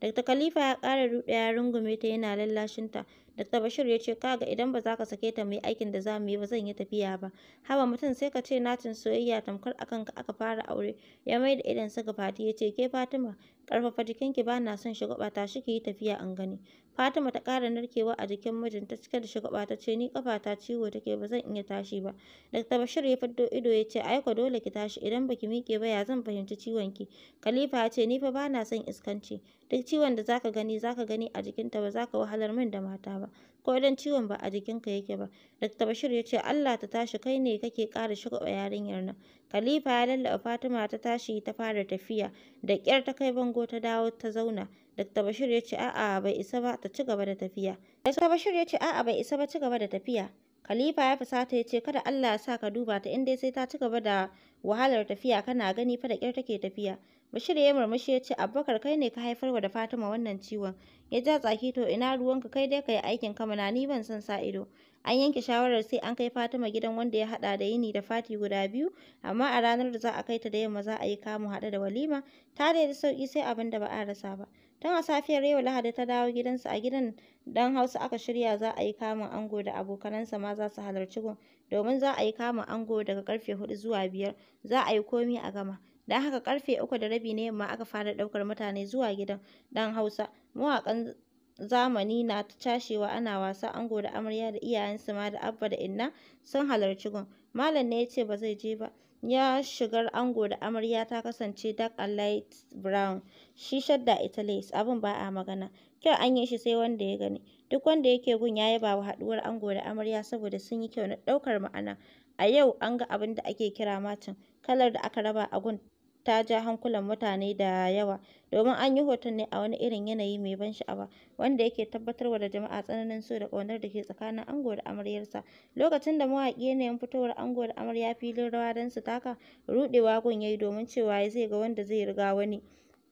Dr. Khalifa ya ƙara ruɗe ya rungume ta yana lallashinta. Dr. Bashir ya ce kaga idan ba za ka sake ta mai aikin da za mu yi ba zan yi tafiya ba. Haba mutum sai ka ce natin soyayya tamkar akan ka aka fara aure. Ya mai da idan ga Fati ya ce ke Fatima ƙarfafa jikinki ba na son shi ta shi ki yi tafiya an gani. Fatima ta ƙara narkewa a jikin mijinta cike da shagwaɓa ta ce ni ta ciwo take ba zan iya tashi ba. Dr. Bashir ya fiddo ido ya ce aiko dole ki tashi idan baki miƙe ba ya zan fahimci ciwon ki. Khalifa ya ce ni fa na son iskanci. Duk ciwon da zaka gani zaka gani a jikinta ba zaka wahalar min da mata ba. Ko idan ciwon ba a jikinka yake ba. Dr. Bashir ya ce Allah ta tashi kai ne kake ƙara shagwaɓa yarinyar nan. Khalifa ya lallaɓa Fatima ta tashi ta fara tafiya da ƙyar ta kai bango ta dawo ta zauna. Dr. Bashir ya ce a'a bai isa ba ta ci gaba da tafiya. Dr. Bashir ya ce a'a bai isa ba ci gaba da tafiya. Khalifa ya fusata ya ce kada Allah ya sa ka duba ta inda sai ta ci gaba da wahalar tafiya kana gani fa da kyar take tafiya. Bashir ya murmushi ya ce Abubakar kai ne ka haifar wa da Fatima wannan ciwon. Ya ja tsaki to ina ruwanka kai dai ka yi aikin ka ni ban san sa ido. An yanke shawarar sai an kai Fatima gidan wanda ya haɗa da yini da fati guda biyu, amma a ranar da za a kai ta da yamma za a yi kamu haɗe da walima, ta daidai sauƙi sai abin da ba a rasa ba. Tun a safiyar yau Lahadi ta dawo gidansu a gidan dan Hausa aka shirya za a yi kamun ango da abokanansa ma za su halarci gun, domin za a yi kamun ango daga karfe hudu zuwa biyar, za a yi komi a gama. Don haka karfe uku da rabi na yamma aka fara ɗaukar mutane zuwa gidan dan Hausa. Mawaƙan zamani na ta cashewa ana wasa ango da amarya da iyayensu ma da abba da inna sun halarci gun malam ne ya ce ba zai je ba ya shigar ango da amarya ta kasance dark and light brown shi shadda ita lace abin ba a magana kyau an yi shi sai wanda ya gani duk wanda yake gun ya yaba wa haduwar ango da amarya saboda sun yi kyau na daukar ma'ana a yau an ga abin da ake kira matin kalar da aka raba a gun ta ja hankulan mutane da yawa domin an yi hoton ne a wani irin yanayi mai ban sha'awa wanda yake tabbatar wa da jama'a tsananin so da ƙaunar da ke tsakanin ango da amaryarsa lokacin da mawaƙi yanayin fitowar ango da amarya filin rawa don su taka ruɗewa gun yayi domin cewa zai ga wanda zai riga wani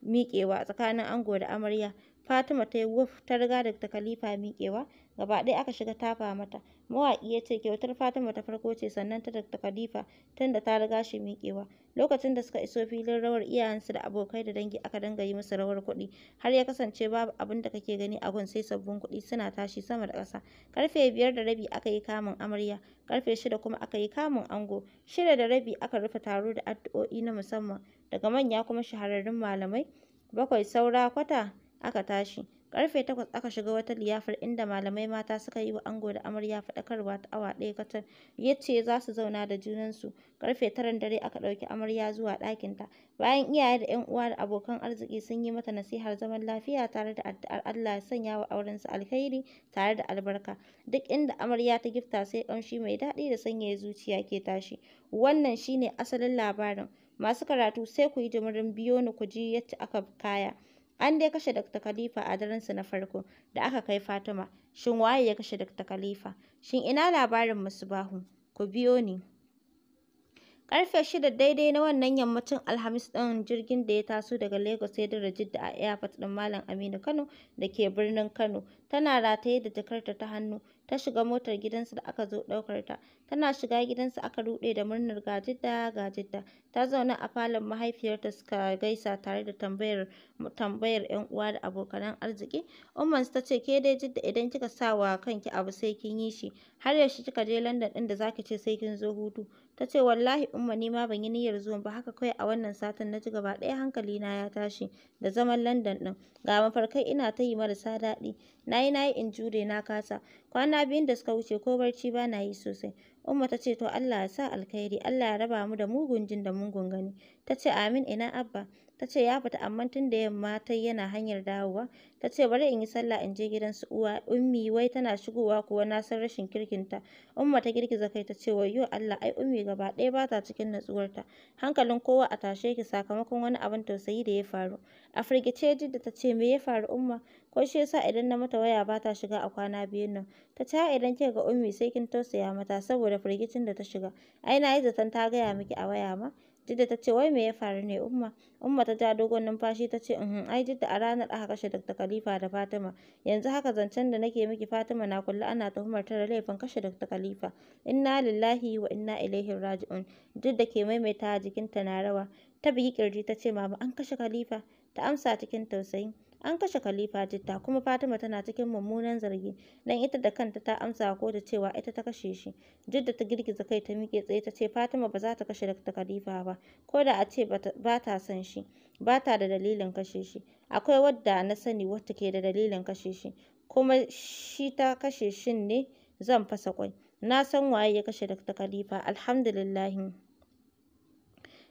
miƙewa tsakanin ango da amarya Fatima ta yi wuf ta riga da takalifa miƙewa, gaba ɗaya aka shiga tafa mata. Mawaƙi ya ce kyautar Fatima ta farko ce sannan ta Dr. tun tunda ta riga shi miƙewa. Lokacin da suka iso filin rawar iyayensu da abokai da dangi aka dinga yi musu rawar kuɗi har ya kasance babu abin da kake gani a gun sai sabbin kuɗi suna tashi sama da ƙasa. Karfe biyar da rabi aka yi kamun amarya, karfe shida kuma aka yi kamun ango, shida da rabi aka rufe taro da addu'o'i na musamman daga manya kuma shahararrun malamai. Bakwai saura kwata aka tashi. Ƙarfe takwas aka shiga wata liyafar inda malamai mata suka yi wa ango da amarya faɗakarwa ta awa ɗaya kacal. Ya ce za su zauna da junansu. Ƙarfe taran dare aka ɗauki amarya zuwa ɗakinta. Bayan iyaye da 'yan uwa da abokan arziki sun yi mata nasihar zaman lafiya tare da addu'ar Allah ya sanya wa aurensu alkhairi tare da albarka. Duk inda amarya ta gifta sai ƙamshi mai daɗi da sanyaya zuciya ke tashi. Wannan shine asalin labarin. Masu karatu sai ku yi jimirin biyo ni ku ji yadda aka kaya. An dai kashe Dr. Khalifa a darensu na farko da aka kai Fatima. Shin waye ya kashe Dr. Khalifa? Shin ina labarin Musbahu? Ku biyo ni. karfe shida daidai na wannan yammacin Alhamis ɗin jirgin da ya taso daga Lagos ya da Jidda a airport ɗin Malam Aminu Kano da ke birnin Kano. Tana rataye da jakarta ta hannu, ta shiga motar gidansu da aka zo ɗaukar ta. Tana shiga gidansu aka ruɗe da murnar gajidda gajidda Ta zauna a falon mahaifiyarta suka gaisa tare da tambayar tambayar ƴan uwa da abokanan arziki. su ta ce ke dai Jidda idan kika sa wa kanki abu sai kin yi shi, har yaushe kika je London ɗin da za ki ce sai kin zo hutu. ta ce wallahi umma ni ma ban yi niyyar zuwan ba haka kai a wannan satin na ji gaba ɗaya hankali na ya tashi da zaman London ɗin ga mafarkai ina ta yi marasa daɗi na yi na yi in jure na kasa kwana biyun da suka wuce ko barci ba na yi sosai Umma ta ce to Allah ya sa alkhairi, Allah ya raba mu da mugun jin da mugun gani. Ta ce amin ina abba. Ta ce ya fita amma tun da yamma ta yana hanyar dawowa. Ta ce bari in yi sallah in je gidan su uwa ummi wai tana shigowa kuwa na san rashin kirkinta. Umma ta girgiza kai ta ce wayyo Allah ai ummi gaba ɗaya ba ta cikin natsuwarta. Hankalin kowa a tashe ki sakamakon wani abin tausayi da ya faru. A firgice Jidda ta ce me ya faru umma? ko shi yasa idan na mata waya bata shiga a kwana biyun nan ta ce idan kika ga ummi sai kin tausaya mata saboda firgicin da ta shiga ai na yi zaton ta gaya miki a waya ma Jidda ta ce wai me ya faru ne Umma? Umma ta ja dogon numfashi ta ce uhun ai Jidda a ranar aka kashe Dr. Khalifa da Fatima. Yanzu haka zancen da nake miki Fatima na kulli ana tuhumar ta da laifin kashe Dr. Khalifa. Inna lillahi wa inna ilaihi raji'un. Jidda ke maimaita jikinta na rawa. Ta bigi kirji ta ce mama an kashe Khalifa. Ta amsa cikin tausayi. an kashe Khalifa Jitta kuma Fatima tana cikin mummunan zargi dan ita da kanta ta amsa ko da cewa ita ta kashe shi da ta girgiza kai ta miƙe tsaye ta ce Fatima ba za ta kashe Dr. Khalifa ba ko da a ce ba ta son shi ba ta da dalilin kashe shi akwai wadda na sani wacce ke da dalilin kashe shi kuma shi ta kashe shin ne zan fasa kwai na san waye ya kashe Dr. Khalifa alhamdulillah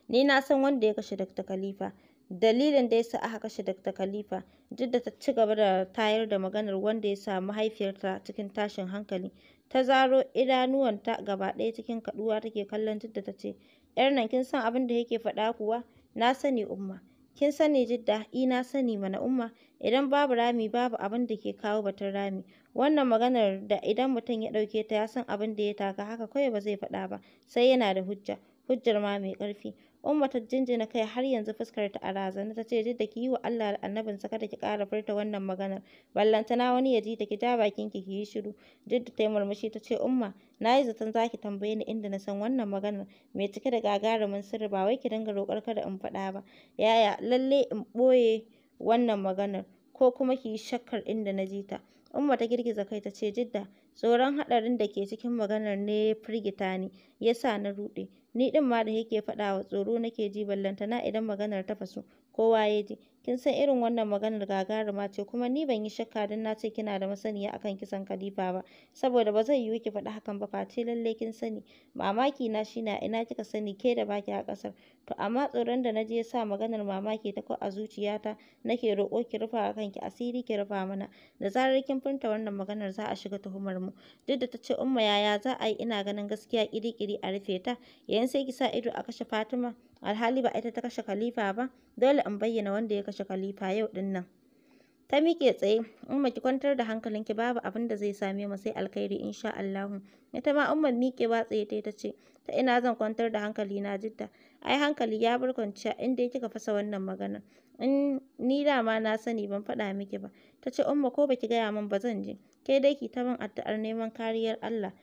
ni na san wanda ya kashe Dr. Khalifa dalilin da ya yasa aka kashe Dr. Khalifa. Jidda ta ci gaba da tayar da maganar wanda ya samu mahaifiyarta cikin tashin hankali. Ta zaro idanuwanta gaba ɗaya cikin kaɗuwa take kallon Jidda ta ce, ‘yar nan kin san abin da yake faɗa kuwa? Na sani Umma. Kin sani Jidda, i na sani mana Umma. Idan babu rami babu abin da ke kawo batun rami. Wannan maganar da idan mutum ya ɗauke ta ya san abin da ya taka haka kawai ba zai faɗa ba, sai yana da hujja. Hujjar ma mai ƙarfi. Umma ta jinjina kai har yanzu fuskar ta a razana ta ce jidda ki yi wa Allah da annabin sa kada ki ƙara furta wannan maganar. Ballantana wani ya ji ta ki ja bakin ki ki yi shiru. Jidda ta yi murmushi ta ce umma na yi zaton za ki tambaye ni inda na san wannan maganar mai cike da gagarumin sirri ba wai ki dinga roƙar kada in faɗa ba. Yaya lalle in ɓoye wannan maganar ko kuma ki yi shakkar inda na ji ta. Umma ta girgiza kai ta ce jidda tsoron haɗarin da ke cikin maganar ne ya firgita ni ya sa na ruɗe. ni ɗin ma da yake faɗawa tsoro nake ji ballantana idan maganar ta faso kowa ya ji kin san irin wannan maganar gagaruma ce kuma ni ban yi shakka don na ce kina da masaniya akan kisan Khalifa ba saboda ba zai yiwu ki faɗi hakan ba face lalle kin sani mamaki na shi na ina kika sani ke da baki a ƙasar to amma tsoron da naje sa maganar mamaki ta ko a zuciyata nake roƙo ki rufa wa kanki asiri ki rufa mana da zarar kin furta wannan maganar za a shiga tuhumar mu duk da tace umma yaya za a yi ina ganin gaskiya kiri-kiri a rufe ta yayin sai ki sa ido a kashe Fatima alhali ba ita ta kashe Khalifa ba dole in bayyana wanda ya kashe Khalifa yau din nan ta miƙe tsaye umma ki kwantar da hankalinki babu abin da zai same mu sai alkhairi insha Allah ita ma umma miƙe ba tsaye ta ce ta ina zan kwantar da hankali na jidda ai hankali ya bar kwanciya inda kika fasa wannan magana. in ni dama na sani ban faɗa miki ba ta ce umma ko baki gaya min ba zan je kai dai ki ta min addu'ar neman kariyar Allah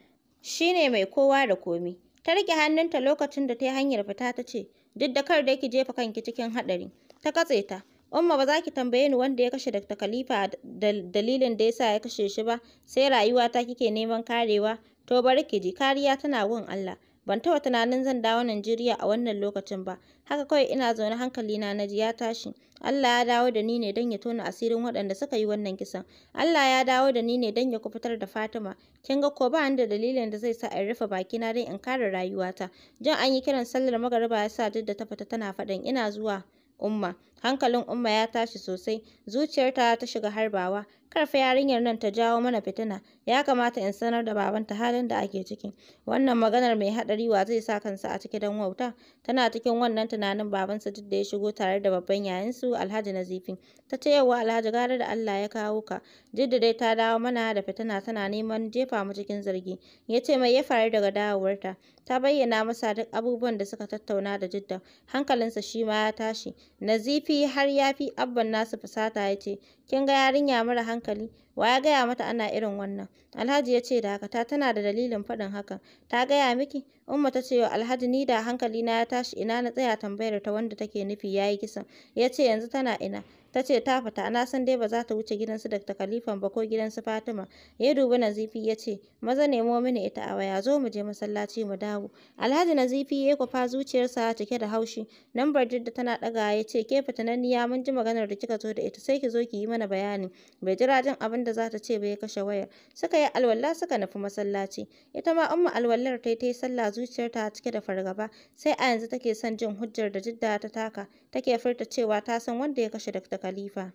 shine mai kowa da komi ta riƙe hannunta lokacin da ta yi hanyar fita ta ce duk da kar da ki jefa kanki cikin haɗari. Ta katse ta. Umma ba za ki tambaye ni wanda ya kashe Dr. Khalifa da dalilin da yasa ya kashe shi ba, sai rayuwata kike neman karewa, to bari ki ji kariya tana gun Allah. Ban taɓa tunanin zan dawo Najeriya a wannan lokacin ba. Haka kawai ina zaune hankalina na ji ya tashi. Allah ya dawo da ni ne don ya tona asirin waɗanda suka yi wannan kisan. Allah ya dawo da ni ne don ya kufutar da Fatima. Kin ga ko ba ni da dalilin da zai sa in rufe bakina don in kare rayuwata. Jin an yi kiran sallar magariba ya sa Jidda ta fita tana faɗin ina zuwa. Umma, Hankalin Umma ya tashi sosai, zuciyarta ta shiga harbawa. Karfa yarinyar nan ta jawo mana fitina, ya kamata in sanar da babanta halin da ake ciki. Wannan maganar mai haɗari wa zai sa kansa a cikin dan wauta? Tana cikin wannan tunanin babansa duk da ya shigo tare da babban yayansu Alhaji Nazifi. Ta ce yawa Alhaji gara da Allah ya kawo ka. Jidda dai ta dawo mana da fitina tana neman jefa mu cikin zargi. Ya ce mai ya faru daga dawowarta. Ta bayyana masa duk abubuwan da suka tattauna da Jidda. Hankalinsa shi ma ya tashi. Nazifi fi har ya fi abban nasu fusata ya ce, Kin ga yarinya mara hankali, wa ya gaya mata ana irin wannan? Alhaji ya ce da ta tana da dalilin faɗin hakan. Ta gaya miki? Umma ta ce wa Alhaji ni da hankali na ya tashi ina na tsaya tambayar ta wanda take nufi ya yi kisan. Ya ce yanzu tana ina. ta ce ta fita na san dai ba za ta wuce gidansu ta Khalifan ba ko gidansu Fatima ya dubi Nazifi ya ce maza nemo mini ita a waya zo mu je masallaci mu dawo Alhaji Nazifi ya kwafa zuciyarsa cike da haushi lambar jidda tana ɗaga ya ce ke fitananniya mun ji maganar da kika zo da ita sai ki zo ki yi mana bayani bai jira jin abin da za ta ce ba ya kashe wayar suka yi alwala suka nufi masallaci ita ma umma alwallar ta yi sallah zuciyarta cike da fargaba sai a yanzu take son jin hujjar da jidda ta taka take furta cewa ta san wanda ya kashe Daktar. Khalifa.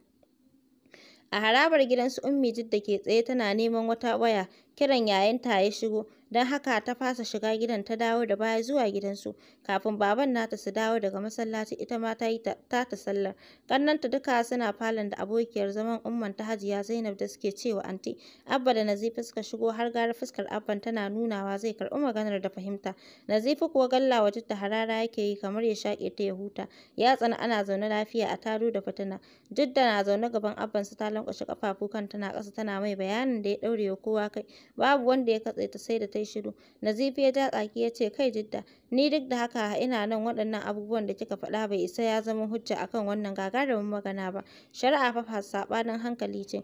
A harabar gidan su Ummi Jidda ke tsaye tana neman wata waya, kiran yayanta ya shigo. don haka ta fasa shiga gidan ta dawo da baya zuwa gidansu kafin baban nata su dawo daga masallaci ita ma ta yi ta ta sallar kannanta duka suna falon da abokiyar zaman umman ta hajiya Zainab da suke cewa anti abba da Nazifi suka shigo har gara fuskar abban tana nunawa zai karɓi maganar da fahimta Nazifi kuwa galla waje ta harara yake yi kamar ya shaƙe ta ya huta ya tsana ana zaune lafiya a tado da fitina da na zaune gaban abban su ta lankwashe kafafu kan tana ƙasa tana mai bayanin da ya ɗaure wa kowa kai babu wanda ya katse ta sai da ta ta shiru. Nazifi ya tsaki ya ce, kai Jidda, ni duk da haka ina nan waɗannan abubuwan da kika faɗa bai isa ya zama hujja akan wannan gagarumin magana ba. Shari'a fa saɓanin hankali ce.